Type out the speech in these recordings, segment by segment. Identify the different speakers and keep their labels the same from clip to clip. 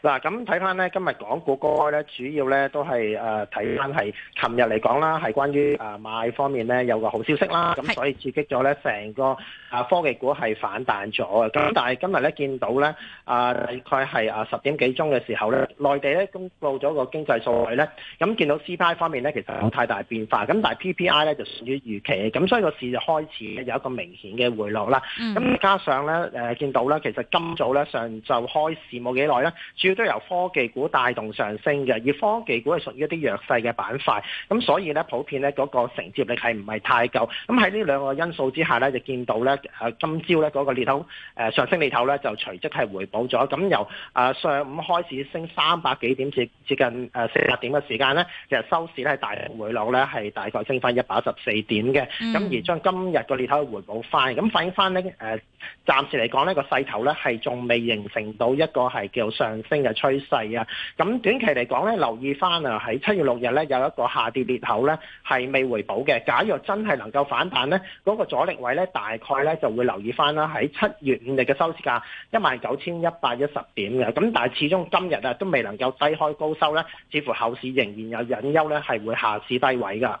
Speaker 1: 嗱咁睇翻咧，今日港股高開咧，主要咧都係誒睇翻係，琴日嚟講啦，係關於誒買、啊、方面咧有個好消息啦，咁所以刺激咗咧成個誒科技股係反彈咗嘅。咁但係今日咧見到咧，啊大概係啊十點幾鐘嘅時候咧，內地咧公布咗個經濟數據咧，咁見到 CPI 方面咧其實有太大變化，咁但係 PPI 咧就屬於預期，咁所以個市就開始有一個明顯嘅回落啦。咁加上咧誒、啊、見到咧，其實今早咧上晝開市冇幾耐咧。主要都由科技股帶動上升嘅，而科技股係屬於一啲弱勢嘅板塊，咁所以咧普遍咧嗰、嗰個承接力係唔係太夠。咁喺呢兩個因素之下咧，就見到咧誒、啊、今朝咧嗰個裂口、啊、上升裂口咧就隨即係回補咗。咁由誒上午開始升三百幾點至接近誒四百點嘅時間咧，其實收市咧係大幅回落咧，係大概升翻一百一十四點嘅。咁而將今日個裂口回補翻，咁反映翻呢，誒、啊、暫時嚟講呢、嗰個勢頭咧係仲未形成到一個係叫。上升嘅趨勢啊，咁短期嚟講咧，留意翻啊，喺七月六日咧有一個下跌裂口咧，係未回補嘅。假若真係能夠反彈咧，嗰個阻力位咧，大概咧就會留意翻啦，喺七月五日嘅收市價一萬九千一百一十點嘅，咁但係始終今日啊都未能夠低開高收咧，似乎後市仍然有隱憂咧，係會下市低位噶。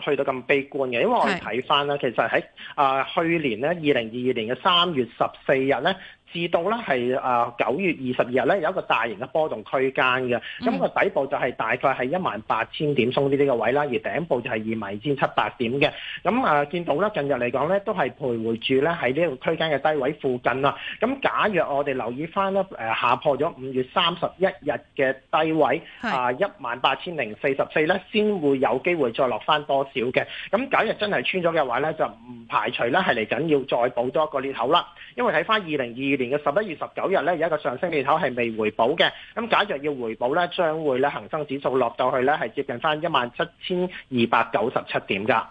Speaker 1: 去到咁悲觀嘅，因為我哋睇翻咧，其實喺去年咧二零二二年嘅三月十四日咧，至到呢係九月二十二日咧，有一個大型嘅波動區間嘅。咁個底部就係大概係一萬八千點，鬆啲呢個位啦，而頂部就係二萬二千七百點嘅。咁啊，見到咧近日嚟講咧，都係徘徊住咧喺呢個區間嘅低位附近啦。咁假若我哋留意翻咧，誒下破咗五月三十一日嘅低位啊，一萬八千零四十四咧，先會有機會再落翻多。少嘅，咁假若真係穿咗嘅話，呢就唔排除呢係嚟緊要再補多一個裂口啦。因為睇翻二零二二年嘅十一月十九日呢，有一個上升裂口係未回補嘅。咁假若要回補呢，將會咧恒生指數落到去呢係接近翻一萬七千二百九十七點噶。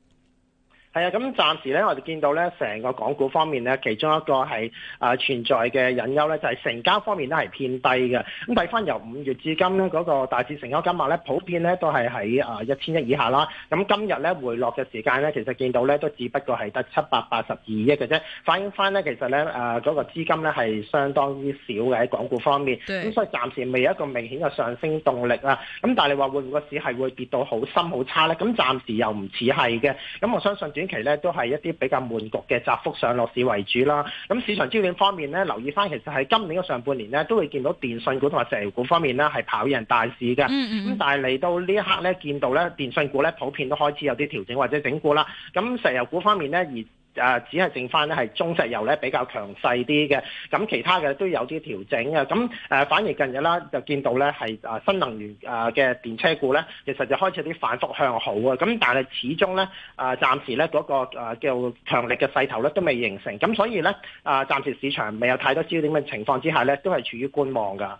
Speaker 1: 係啊，咁暫時咧，我哋見到咧，成個港股方面咧，其中一個係啊、呃、存在嘅隱憂咧，就係、是、成交方面都係偏低嘅。咁睇翻由五月至今咧，嗰、那個大致成交金額咧，普遍咧都係喺啊一千億以下啦。咁今日咧回落嘅時間咧，其實見到咧都只不過係得七百八十二億嘅啫。反映翻咧，其實咧啊嗰個資金咧係相當之少嘅喺港股方面。咁對所以暫時未有一個明顯嘅上升動力啦。咁但係你話會唔會個市係會跌到好深好差咧？咁暫時又唔似係嘅。咁我相信。短期咧都係一啲比較悶局嘅窄幅上落市為主啦。咁市場焦點方面咧，留意翻其實喺今年嘅上半年咧，都會見到電信股同埋石油股方面咧係跑贏大市嘅。咁、嗯嗯、但係嚟到呢一刻咧，見到咧電信股咧普遍都開始有啲調整或者整固啦。咁石油股方面咧而誒只係剩翻咧係中石油咧比較強勢啲嘅，咁其他嘅都有啲調整嘅，咁誒反而近日啦就見到咧係誒新能源誒嘅電車股咧，其實就開始有啲反覆向好嘅，咁但係始終咧誒暫時咧嗰個誒叫強力嘅勢頭咧都未形成，咁所以咧誒暫時市場未有太多焦點嘅情況之下咧，都係處於觀望噶。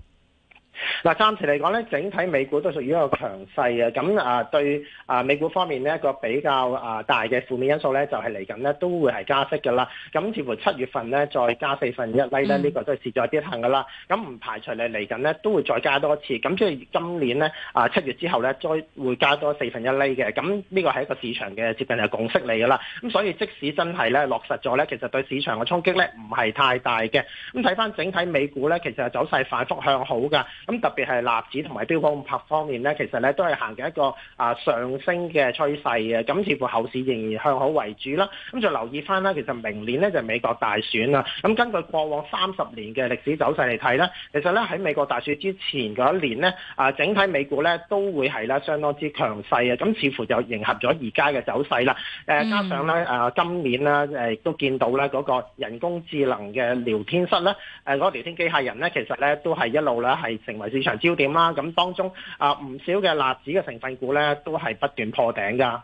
Speaker 1: 嗱，暫時嚟講咧，整體美股都屬於一個強勢嘅，咁啊對啊美股方面咧一個比較啊大嘅負面因素咧，就係嚟緊咧都會係加息㗎啦，咁似乎七月份咧再加四分一厘咧，呢個都係事在必行噶啦，咁唔排除你嚟緊咧都會再加多一次，咁即係今年咧啊七月之後咧再會加多四分一厘嘅，咁呢個係一個市場嘅接近係共識嚟㗎啦，咁所以即使真係咧落實咗咧，其實對市場嘅衝擊咧唔係太大嘅，咁睇翻整體美股咧，其實走勢反覆向好㗎，咁嗯、特別係納指同埋標普五百方面咧，其實咧都係行緊一個啊上升嘅趨勢嘅，咁似乎後市仍然向好為主啦。咁就留意翻啦，其實明年咧就美國大選啦。咁根據過往三十年嘅歷史走勢嚟睇咧，其實咧喺美國大選之前嗰一年咧，啊整體美股咧都會係咧相當之強勢嘅。咁似乎就迎合咗而家嘅走勢啦。誒加上咧誒今年咧誒都見到咧嗰個人工智能嘅聊天室咧，誒、那、嗰個聊天機械人咧，其實咧都係一路咧係成為。市場焦點啦，咁當中啊唔少嘅辣子嘅成分股咧，都係不斷破頂噶。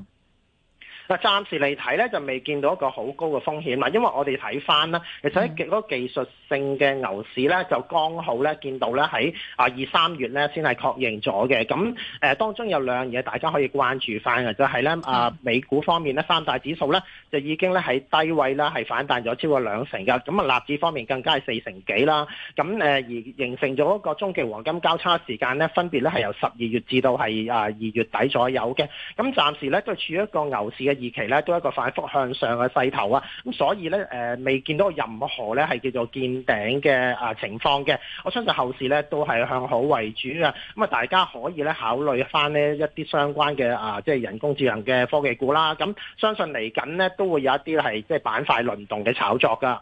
Speaker 1: 暫時嚟睇咧就未見到一個好高嘅風險啦，因為我哋睇翻呢，其實嗰個技術性嘅牛市咧就剛好咧見到咧喺啊二三月咧先係確認咗嘅。咁誒當中有兩樣嘢大家可以關注翻嘅就係咧啊美股方面咧三大指數咧就已經咧喺低位啦，係反彈咗超過兩成嘅。咁啊納指方面更加係四成幾啦。咁而形成咗一個中期黃金交叉時間咧，分別咧係由十二月至到係啊二月底左右嘅。咁暫時咧都處於一個牛市嘅。二期咧都係一個反覆向上嘅勢頭啊，咁所以咧誒、呃、未見到任何咧係叫做見頂嘅啊、呃、情況嘅，我相信後市咧都係向好為主啊，咁啊大家可以咧考慮翻呢一啲相關嘅啊、呃、即係人工智能嘅科技股啦，咁、嗯、相信嚟緊咧都會有一啲係即係板塊輪動嘅炒作噶。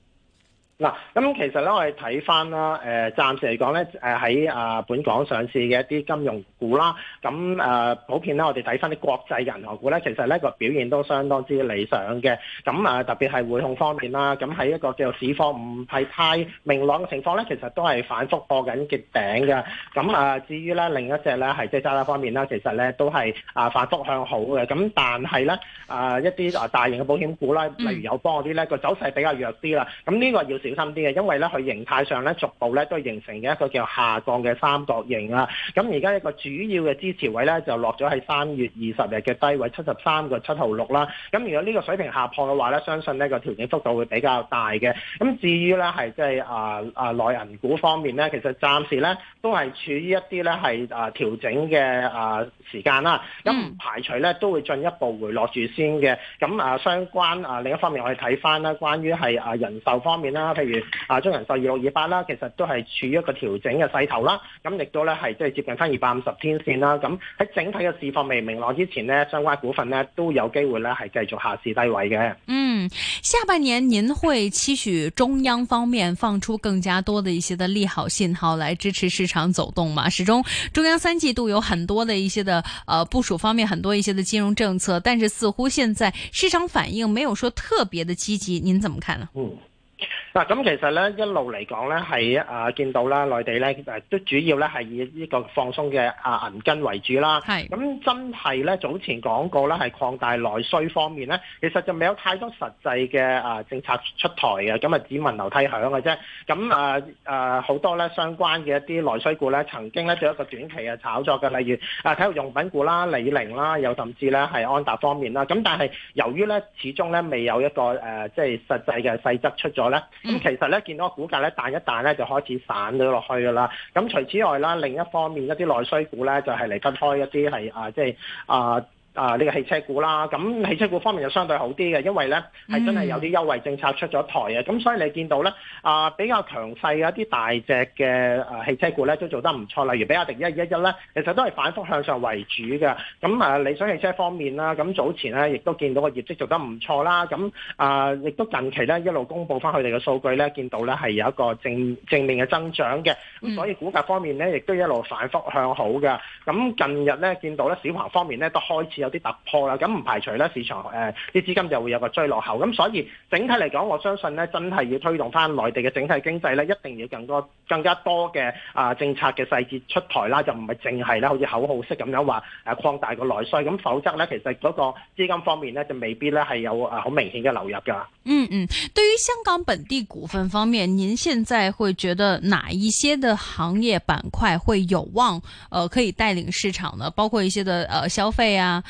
Speaker 1: 嗱，咁其實咧，我哋睇翻啦，誒，暫時嚟講咧，誒喺啊本港上市嘅一啲金融股啦，咁誒普遍咧，我哋睇翻啲國際銀行股咧，其實咧個表現都相當之理想嘅。咁誒特別係匯控方面啦，咁喺一個叫做市況唔係太明朗嘅情況咧，其實都係反覆破緊極頂嘅。咁誒至於咧另一隻咧係即係渣打方面啦，其實咧都係啊反覆向好嘅。咁但係咧啊一啲啊大型嘅保險股啦，例如友邦嗰啲咧個走勢比較弱啲啦。咁呢個要小心啲嘅，嗯、因為咧佢形態上咧逐步咧都形成嘅一個叫下降嘅三角形啦。咁而家一個主要嘅支持位咧就落咗喺三月二十日嘅低位七十三個七號六啦。咁如果呢個水平下破嘅話咧，相信呢個調整幅度會比較大嘅。咁至於咧係即係啊啊內銀股方面咧，其實暫時咧都係處於一啲咧係啊調整嘅啊時間啦。咁唔排除咧都會進一步回落住先嘅。咁啊相關啊另一方面，我哋睇翻啦，關於係啊人壽方面啦。例如啊，中人壽二六二八啦，其實都係處於一個調整嘅勢頭啦。咁亦都咧係即係接近翻二百五十天線啦。咁喺整體嘅市況未明朗之前呢，相關股份呢都有機會咧係繼續下市低位嘅。
Speaker 2: 嗯，下半年您會期許中央方面放出更加多的一些的利好信號，來支持市場走動嘛？始終中央三季度有很多的一些的，呃部署方面很多一些的金融政策，但是似乎現在市場反應沒有說特別的積極，您怎麼看呢、啊？嗯。
Speaker 1: 嗱，咁其實咧一路嚟講咧，係啊見到啦，內地咧都主要咧係以呢個放鬆嘅啊銀根為主啦。咁是真係咧早前講過咧，係擴大內需方面咧，其實就未有太多實際嘅啊政策出台嘅，咁啊只聞樓梯響嘅啫。咁啊啊好多咧相關嘅一啲內需股咧，曾經咧做一個短期嘅炒作嘅，例如啊體育用品股啦、李寧啦，又甚至咧係安踏方面啦。咁、啊、但係由於咧始終咧未有一個誒、啊、即係實際嘅細則出咗。咁、嗯、其實咧，見到個股價咧彈一彈咧，就開始散咗落去噶啦。咁除此之外啦，另一方面一啲內需股咧，就係離得開一啲係啊，即係啊。呃啊！呢、這個汽車股啦，咁汽車股方面又相對好啲嘅，因為咧係真係有啲優惠政策出咗台嘅。咁所以你見到咧啊，比較強勢嘅一啲大隻嘅啊汽車股咧都做得唔錯，例如比亞迪一二一一咧，其實都係反覆向上為主嘅。咁啊，理想汽車方面啦，咁早前咧亦都見到個業績做得唔錯啦。咁啊，亦都近期咧一路公布翻佢哋嘅數據咧，見到咧係有一個正正面嘅增長嘅。咁所以股價方面咧，亦都一路反覆向好嘅。咁近日咧見到咧小鵬方面咧都開始。有啲突破啦，咁唔排除咧，市場誒啲資金就會有個追落後，咁所以整體嚟講，我相信咧，真係要推動翻內地嘅整體經濟咧，一定要更多更加多嘅啊政策嘅細節出台啦，就唔係淨係咧好似口號式咁樣話誒擴大個內需，咁否則咧，其實嗰個資金方面咧就未必咧係有誒好明顯嘅流入噶。嗯
Speaker 2: 嗯，對於香港本地股份方面，您現在會覺得哪一些的行業板塊會有望誒、呃、可以帶領市場呢？包括一些的誒、呃、消費啊。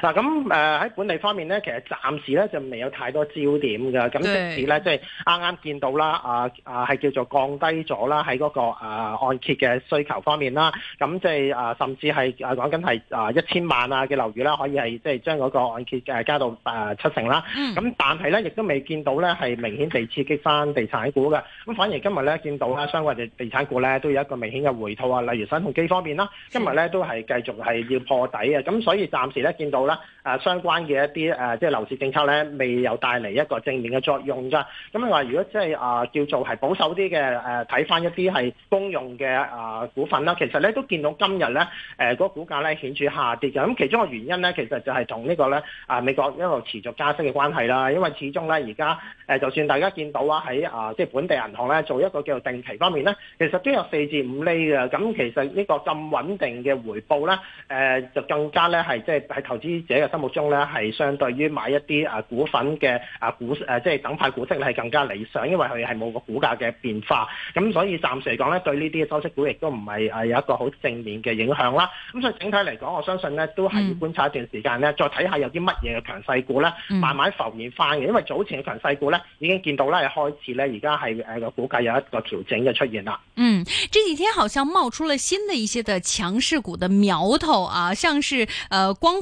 Speaker 1: 嗱咁誒喺本地方面咧，其實暫時咧就未有太多焦點㗎。咁即使咧，即係啱啱見到啦，啊啊係叫做降低咗啦、那個，喺嗰個按揭嘅需求方面啦。咁即係啊，甚至係啊講緊係啊一千萬啊嘅樓宇啦，可以係即係將嗰個按揭加到誒七成啦。咁但係咧，亦都未見到咧係明顯地刺激翻地產股㗎。咁反而今日咧見到啊相關嘅地產股咧都有一個明顯嘅回吐啊。例如新鴻基方面啦，今日咧都係繼續係要破底嘅。咁所以暫時咧。見到啦，啊，相關嘅一啲誒，即係樓市政策咧，未有帶嚟一個正面嘅作用噶咁你話如果即係啊，叫做係保守啲嘅，誒，睇翻一啲係公用嘅啊股份啦，其實咧都見到今日咧誒個股價咧顯著下跌嘅。咁其中個原因咧，其實就係同呢個咧啊美國一路持續加息嘅關係啦。因為始終咧而家誒，就算大家見到啊喺啊即係本地銀行咧做一個叫做定期方面咧，其實都有四至五厘嘅。咁其實呢個咁穩定嘅回報咧，誒就更加咧係即係。喺投資者嘅心目中咧，係相對於買一啲啊股份嘅啊股誒，即係等派股息咧係更加理想，因為佢係冇個股價嘅變化。咁所以暫時嚟講咧，對呢啲嘅收息股亦都唔係誒有一個好正面嘅影響啦。咁所以整體嚟講，我相信咧都係要觀察一段時間咧，再睇下有啲乜嘢嘅強勢股咧，慢慢浮現返嘅。因為早前嘅強勢股咧已經見到咧開始咧而家係誒個股價有一個調整嘅出現啦。嗯，
Speaker 2: 這幾天好像冒出了新的一些嘅強勢股嘅苗頭啊，像是呃光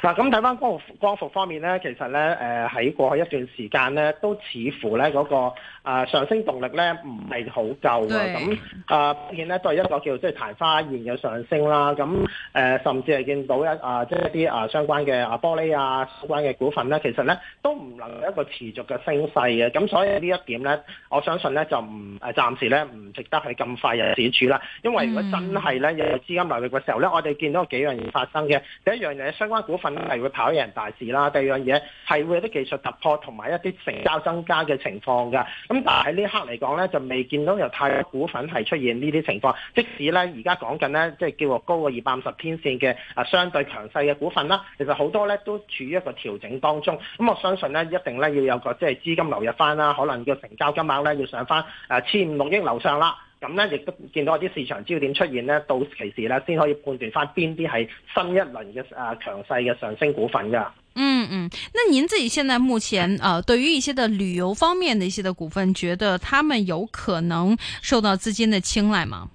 Speaker 1: 嗱，咁睇返光伏光伏方面咧，其實咧，誒、呃、喺過去一段時間咧，都似乎咧、那、嗰個、呃、上升動力咧唔係好夠啊。咁啊對，當然咧都係一個叫即係曇花一現嘅上升啦。咁、啊、誒、呃，甚至係見到一啊，即係一啲啊相關嘅啊玻璃啊相關嘅股份咧，其實咧都唔能有一個持續嘅升勢嘅。咁所以呢一點咧，我相信咧就唔誒暫時咧唔值得去咁快嘅展處啦。因為如果真係咧有資金流入嘅時候咧，我哋見到幾樣嘢發生嘅。第一樣嘢相關股份，係會跑贏人大市啦，第二樣嘢係會有啲技術突破同埋一啲成交增加嘅情況噶。咁但係呢一刻嚟講咧，就未見到有太多股份係出現呢啲情況。即使咧而家講緊咧，即係叫話高過二百五十天線嘅啊，相對強勢嘅股份啦，其實好多咧都處於一個調整當中。咁我相信咧，一定咧要有個即係資金流入翻啦，可能個成交金額咧要上翻啊千五六億樓上啦。咁呢亦都見到有啲市場焦點出現，呢到其時呢先可以判斷翻邊啲係新一輪嘅啊強勢嘅上升股份噶。嗯
Speaker 2: 嗯，那您自己現在目前啊、呃，對於一些嘅旅遊方面的一些嘅股份，覺得他們有可能受到資金的青睞嗎？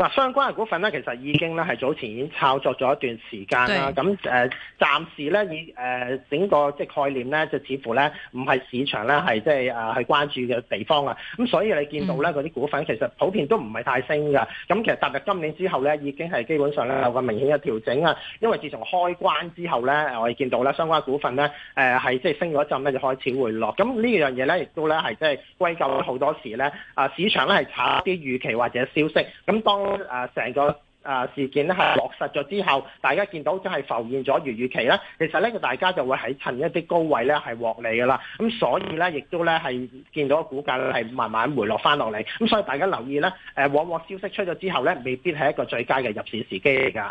Speaker 1: 嗱，相關嘅股份咧，其實已經咧係，早前已經炒作咗一段時間啦。咁誒對，暫時咧以誒整個即係概念咧，就似乎咧唔係市場咧係即係誒去關注嘅地方啊。咁所以你見到咧嗰啲股份其實普遍都唔係太升㗎。咁其實踏入今年之後咧，已經係基本上咧有個明顯嘅調整啊。因為自從開關之後咧，我哋見到咧相關股份咧，誒係即係升咗一陣咧就開始回落。咁呢樣嘢咧，亦都咧係即係歸咎好多時咧。啊，市場咧係炒啲預期或者消息。咁當啊！成、呃、個啊、呃、事件咧係落實咗之後，大家見到就係浮現咗預期咧，其實咧大家就會喺趁一啲高位咧係獲利噶啦。咁所以咧，亦都咧係見到個股價咧係慢慢回落翻落嚟。咁所以大家留意咧，誒、呃、往往消息出咗之後咧，未必係一個最佳嘅入市時機嚟㗎。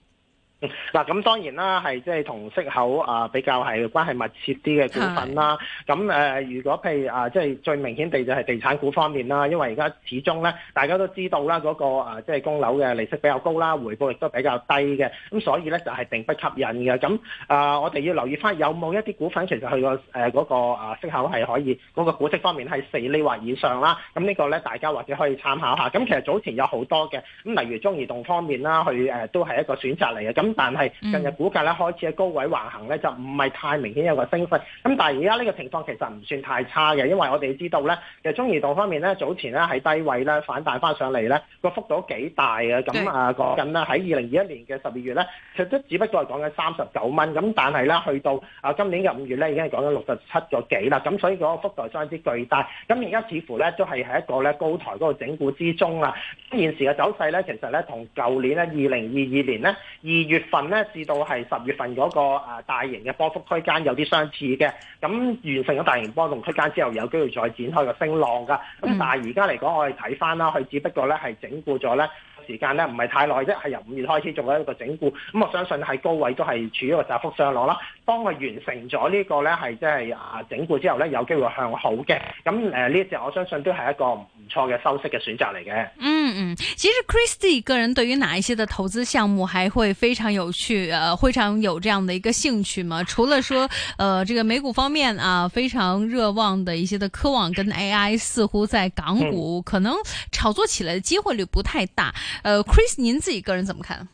Speaker 1: 嗱，咁、嗯、當然啦，係即係同息口啊比較係關係密切啲嘅股份啦。咁誒的，如果譬如啊，即、就、係、是、最明顯地就係地產股方面啦，因為而家始終咧，大家都知道啦、那個，嗰個啊即係供樓嘅利息比較高啦，回報亦都比較低嘅，咁所以咧就係並不吸引嘅。咁啊，我哋要留意翻有冇一啲股份其實佢、啊那個誒嗰個啊息口係可以嗰、那個股息方面係四厘或以上啦。咁呢個咧，大家或者可以參考下。咁其實早前有好多嘅，咁例如中移動方面啦，佢都係一個選擇嚟嘅。咁但係近日股價咧開始喺高位橫行咧，就唔係太明顯有個升勢。咁但係而家呢個情況其實唔算太差嘅，因為我哋知道咧，其實中移動方面咧早前咧喺低位咧反彈翻上嚟咧，個幅度幾大嘅。咁啊講緊咧喺二零二一年嘅十二月咧，其實都只不過係講緊三十九蚊。咁但係咧去到啊今年嘅五月咧已經係講緊六十七個幾啦。咁所以嗰個幅度相對巨大。咁而家似乎咧都係喺一個咧高台嗰個整固之中啊。現時嘅走勢咧，其實咧同舊年咧二零二二年咧二月月份咧至到係十月份嗰個大型嘅波幅區間有啲相似嘅，咁完成咗大型波動區間之後，有機會再展開個升浪噶。咁但係而家嚟講，我哋睇翻啦，佢只不過咧係整固咗咧時間咧唔係太耐啫，係由五月開始做一個整固。咁我相信係高位都係處於一個窄幅上落啦。當佢完成咗呢個咧係即係啊整固之後咧，有機會向好嘅。咁誒呢隻我相信都係一個。錯嘅
Speaker 2: 收息嘅選擇嚟嘅。嗯嗯，其實 Christy 個人對於哪一些的投資項目還會非常有趣，呃，非常有這樣的一個興趣嗎？除了說，呃，這個美股方面啊，非常熱望的一些的科網跟 AI，似乎在港股、嗯、可能炒作起來的機會率不太大。呃，Christy，您自己個人怎麼看？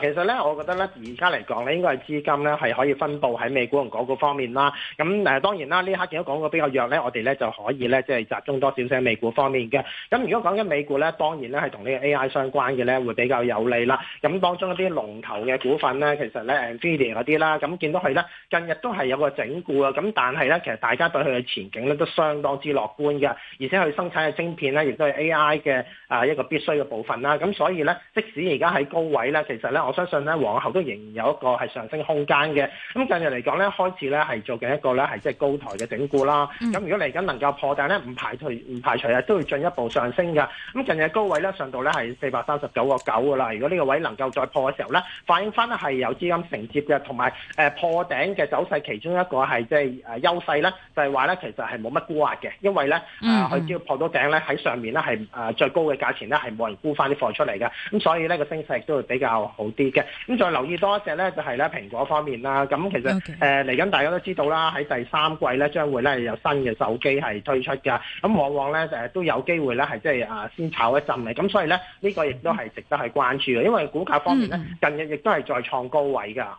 Speaker 1: 其實咧，我覺得咧，而家嚟講咧，應該係資金咧係可以分佈喺美股同港股方面啦。咁誒，當然啦，呢刻見到港股比較弱咧，我哋咧就可以咧即係集中多少少喺美股方面嘅。咁如果講緊美股咧，當然咧係同呢個 A.I. 相關嘅咧，會比較有利啦。咁當中一啲龍頭嘅股份咧，其實咧，Nvidia 嗰啲啦，咁見到佢咧近日都係有個整固啊。咁但係咧，其實大家對佢嘅前景咧都相當之樂觀嘅，而且佢生產嘅芯片咧，亦都係 A.I. 嘅啊、呃、一個必須嘅部分啦。咁所以咧，即使而家喺高位咧，其實咧，我相信咧，往後都仍然有一個係上升空間嘅。咁近日嚟講咧，開始咧係做緊一個咧係即係高台嘅整固啦。咁如果嚟緊能夠破頂咧，唔排除唔排除咧都會進一步上升嘅。咁近日高位咧上到咧係四百三十九個九噶啦。如果呢個位能夠再破嘅時候咧，反映翻咧係有資金承接嘅，同埋誒破頂嘅走勢其中一個係即係誒優勢咧，就係話咧其實係冇乜沽壓嘅，因為咧誒佢只要破到頂咧喺上面咧係誒最高嘅價錢咧係冇人沽翻啲貨出嚟嘅。咁所以呢個升勢亦都會比較好。跌嘅，咁再留意多一隻咧，就係咧蘋果方面啦。咁其實誒嚟緊大家都知道啦，喺第三季咧將會咧有新嘅手機係推出噶。咁往往咧誒都有機會咧係即係啊先炒一陣嘅。咁所以咧呢個亦都係值得係關注嘅，因為股價方面咧近日亦都係再創高位噶。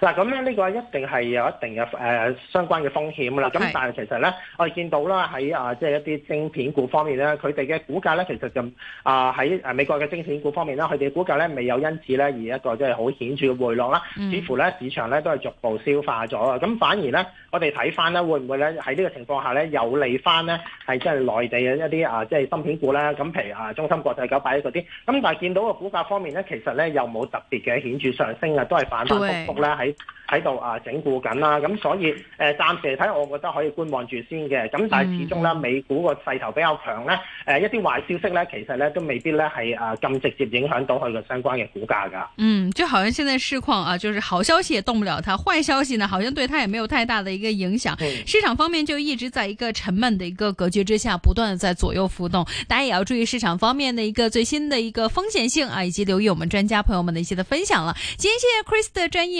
Speaker 1: 嗱，咁咧呢個一定係有一定嘅誒、呃、相關嘅風險啦。咁但係其實咧，我哋見到啦喺啊，即、呃、係、就是、一啲晶片股方面咧，佢哋嘅股價咧，其實就啊喺、呃、美國嘅晶片股方面啦，佢哋股價咧未有因此咧而一個即係好顯著嘅回落啦。似乎咧市場咧都係逐步消化咗啊。咁反而咧，我哋睇翻咧，會唔會咧喺呢個情況下咧有利翻咧？係即係內地嘅一啲啊，即係芯片股咧。咁譬如啊，中芯國際九百嗰啲。咁但係見到個股價方面咧，其實咧又冇特別嘅顯著上升啊，都係反反喺喺度啊整固緊啦，咁、啊、所以誒呃、暫時嚟睇，我覺得可以觀望住先嘅。咁但係始終呢美股個勢頭比較強，呃、一啲壞消息呢其實呢都未必咧係啊咁、嗯、直接影響到佢嘅相關嘅股價
Speaker 2: 噶。嗯，就好像現在市況啊，就是好消息也動不了它，壞消息呢，好像對它也沒有太大的一個影響。嗯，市場方面就一直在一個沉悶嘅一個格局之下，不斷地在左右浮動。大家也要注意市場方面嘅一個最新的一個風險性啊，以及留意我們專家朋友們的一些的分享啦。今天謝謝 Chris 的專業